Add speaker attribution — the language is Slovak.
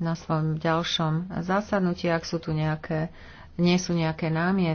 Speaker 1: na svojom ďalšom zasadnutí, ak sú tu nejaké, nie sú nejaké námietky.